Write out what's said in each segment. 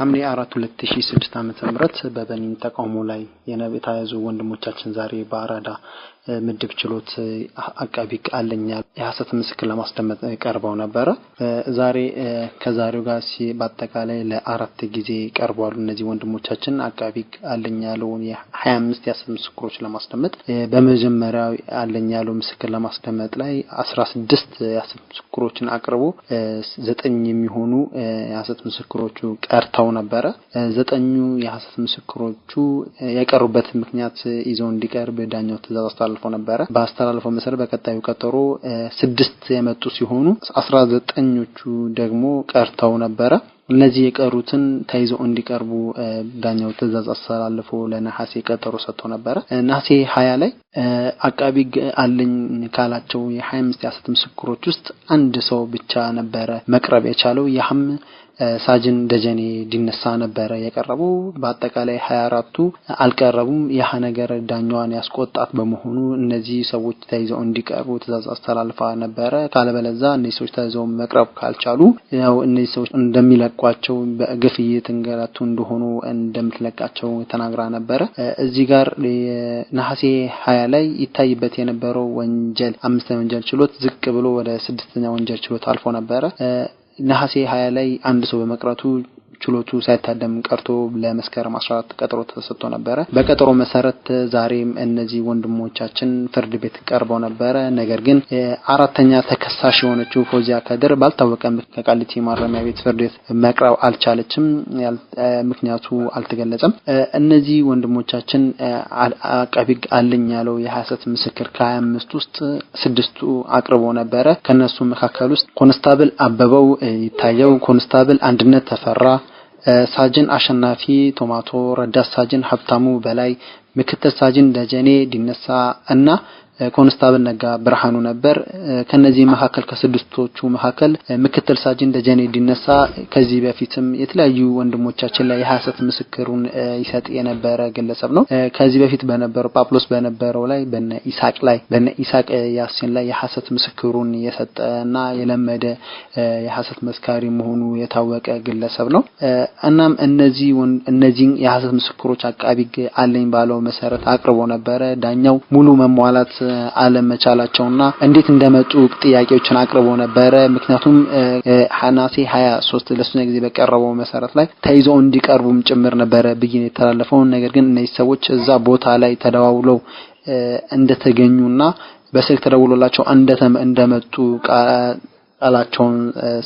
ሐምሌ 4 2006 ሺ ስድስት ዓመተ ምህረት በበኒን ተቃውሞ ላይ የተያዙ ወንድሞቻችን ዛሬ በአራዳ ምድብ ችሎት አቃቢ አለኛል የሐሰት ምስክር ለማስደመጥ ቀርበው ነበረ። ዛሬ ከዛሬው ጋር በአጠቃላይ ለአራት ጊዜ ቀርበዋሉ። እነዚህ ወንድሞቻችን አቃቢ አለኝ ያለውን የሀያ አምስት የሀሰት ምስክሮች ለማስደመጥ በመጀመሪያው አለኝ ያለው ምስክር ለማስደመጥ ላይ አስራ ስድስት የሀሰት ምስክሮችን አቅርቦ ዘጠኝ የሚሆኑ የሀሰት ምስክሮቹ ቀርተው ቀርበው ነበረ። ዘጠኙ የሀሰት ምስክሮቹ የቀሩበት ምክንያት ይዘው እንዲቀርብ ዳኛው ትእዛዝ አስተላልፎ ነበረ። በአስተላልፎ መሰረት በቀጣዩ ቀጠሮ ስድስት የመጡ ሲሆኑ አስራ ዘጠኞቹ ደግሞ ቀርተው ነበረ። እነዚህ የቀሩትን ተይዘው እንዲቀርቡ ዳኛው ትእዛዝ አስተላልፎ ለነሐሴ ቀጠሮ ሰጥቶ ነበረ። ነሐሴ ሀያ ላይ አቃቢ አለኝ ካላቸው የሀያ አምስት የሀሰት ምስክሮች ውስጥ አንድ ሰው ብቻ ነበረ መቅረብ የቻለው። ያህም ሳጅን ደጀኔ እንዲነሳ ነበረ የቀረቡ። በአጠቃላይ ሀያ አራቱ አልቀረቡም። ያህ ነገር ዳኛዋን ያስቆጣት በመሆኑ እነዚህ ሰዎች ተይዘው እንዲቀርቡ ትዕዛዝ አስተላልፋ ነበረ። ካለበለዛ እነዚህ ሰዎች ተይዘው መቅረብ ካልቻሉ ያው እነዚህ ሰዎች እንደሚለቋቸው በግፍ እየተንገላቱ እንደሆኑ እንደምትለቃቸው ተናግራ ነበረ። እዚህ ጋር ነሐሴ ሀያ ላይ ይታይበት የነበረው ወንጀል አምስተኛ ወንጀል ችሎት ዝቅ ብሎ ወደ ስድስተኛ ወንጀል ችሎት አልፎ ነበረ። ነሐሴ ሀያ ላይ አንድ ሰው በመቅረቱ ችሎቱ ሳይታደም ቀርቶ ለመስከረም 14 ቀጠሮ ተሰጥቶ ነበረ። በቀጠሮ መሰረት ዛሬም እነዚህ ወንድሞቻችን ፍርድ ቤት ቀርበው ነበረ። ነገር ግን አራተኛ ተከሳሽ የሆነችው ፎዚያ ከድር ባልታወቀ ከቃሊቲ ማረሚያ ቤት ፍርድ ቤት መቅረብ አልቻለችም። ምክንያቱ አልተገለጸም። እነዚህ ወንድሞቻችን አቃቤ ሕግ አለኝ ያለው የሀሰት ምስክር ከ25 ውስጥ ስድስቱ አቅርቦ ነበረ። ከነሱ መካከል ውስጥ ኮንስታብል አበበው ይታየው፣ ኮንስታብል አንድነት ተፈራ ሳጅን አሸናፊ ቶማቶ፣ ረዳት ሳጅን ሀብታሙ በላይ፣ ምክትል ሳጅን ደጀኔ ዲነሳ እና ኮንስታብል ነጋ ብርሃኑ ነበር። ከነዚህ መካከል ከስድስቶቹ መካከል ምክትል ሳጅን ደጀኔ እንዲነሳ ከዚህ በፊትም የተለያዩ ወንድሞቻችን ላይ የሐሰት ምስክሩን ይሰጥ የነበረ ግለሰብ ነው። ከዚህ በፊት በነበረው ጳውሎስ በነበረው ላይ በነ ኢሳቅ ላይ በነ ኢሳቅ ያሲን ላይ የሐሰት ምስክሩን የሰጠና የለመደ የሐሰት መስካሪ መሆኑ የታወቀ ግለሰብ ነው። እናም እነዚህ እነዚህን የሐሰት ምስክሮች አቃቢ አለኝ ባለው መሰረት አቅርቦ ነበረ። ዳኛው ሙሉ መሟላት አለመቻላቸውና እንዴት እንደመጡ ጥያቄዎችን አቅርቦ ነበረ። ምክንያቱም ሐናሴ 23 ሶስት ጊዜ በቀረበው መሰረት ላይ ተይዘው እንዲቀርቡም ጭምር ነበረ ብይን የተላለፈው። ነገር ግን እነዚህ ሰዎች እዛ ቦታ ላይ ተደዋውለው እንደተገኙና በስልክ ተደውሎላቸው እንደመጡ ቃላቸውን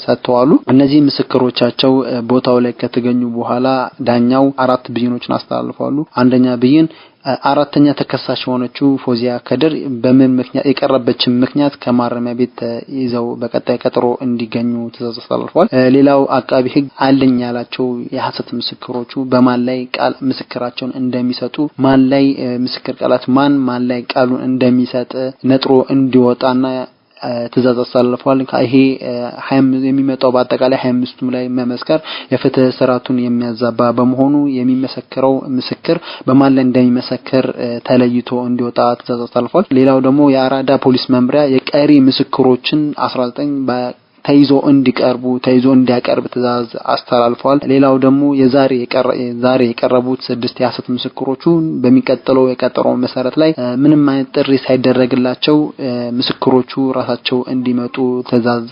ሰጥተዋሉ። እነዚህ ምስክሮቻቸው ቦታው ላይ ከተገኙ በኋላ ዳኛው አራት ብይኖችን አስተላልፈዋሉ። አንደኛ ብይን አራተኛ ተከሳሽ የሆነችው ፎዚያ ከድር በምን ምክንያት የቀረበችን ምክንያት ከማረሚያ ቤት ይዘው በቀጣይ ቀጠሮ እንዲገኙ ትዕዛዝ አስተላልፏል። ሌላው አቃቢ ሕግ አለኝ ያላቸው የሐሰት ምስክሮቹ በማን ላይ ቃል ምስክራቸውን እንደሚሰጡ ማን ላይ ምስክር ቃላት ማን ማን ላይ ቃሉን እንደሚሰጥ ነጥሮ እንዲወጣና ትእዛዝ አሳልፏል። ይሄ የሚመጣው በአጠቃላይ ሀያ አምስቱም ላይ መመስከር የፍትህ ስርዓቱን የሚያዛባ በመሆኑ የሚመሰክረው ምስክር በማን ላይ እንደሚመሰክር ተለይቶ እንዲወጣ ትእዛዝ አሳልፏል። ሌላው ደግሞ የአራዳ ፖሊስ መምሪያ የቀሪ ምስክሮችን 19 ተይዞ እንዲቀርቡ ተይዞ እንዲያቀርብ ትዕዛዝ አስተላልፏል። ሌላው ደግሞ ዛሬ የቀረቡት ስድስት የሐሰት ምስክሮቹ በሚቀጥለው የቀጠሮ መሰረት ላይ ምንም አይነት ጥሪ ሳይደረግላቸው ምስክሮቹ ራሳቸው እንዲመጡ ትዕዛዝ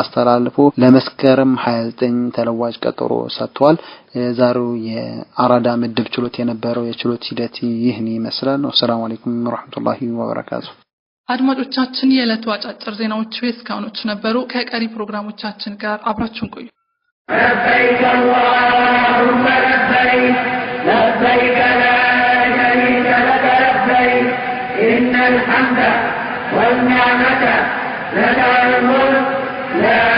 አስተላልፎ ለመስከረም 29 ተለዋጭ ቀጠሮ ሰጥቷል። የዛሬው የአራዳ ምድብ ችሎት የነበረው የችሎት ሂደት ይህን ይመስላል። ሰላም አለይኩም ወራህመቱላሂ ወበረካቱ አድማጮቻችን የዕለቱ አጫጭር ዜናዎች እስካሁኖቹ ነበሩ። ከቀሪ ፕሮግራሞቻችን ጋር አብራችሁን ቆዩ። ለበይከ ላ ሸሪከ ለከ ወኒዕመተ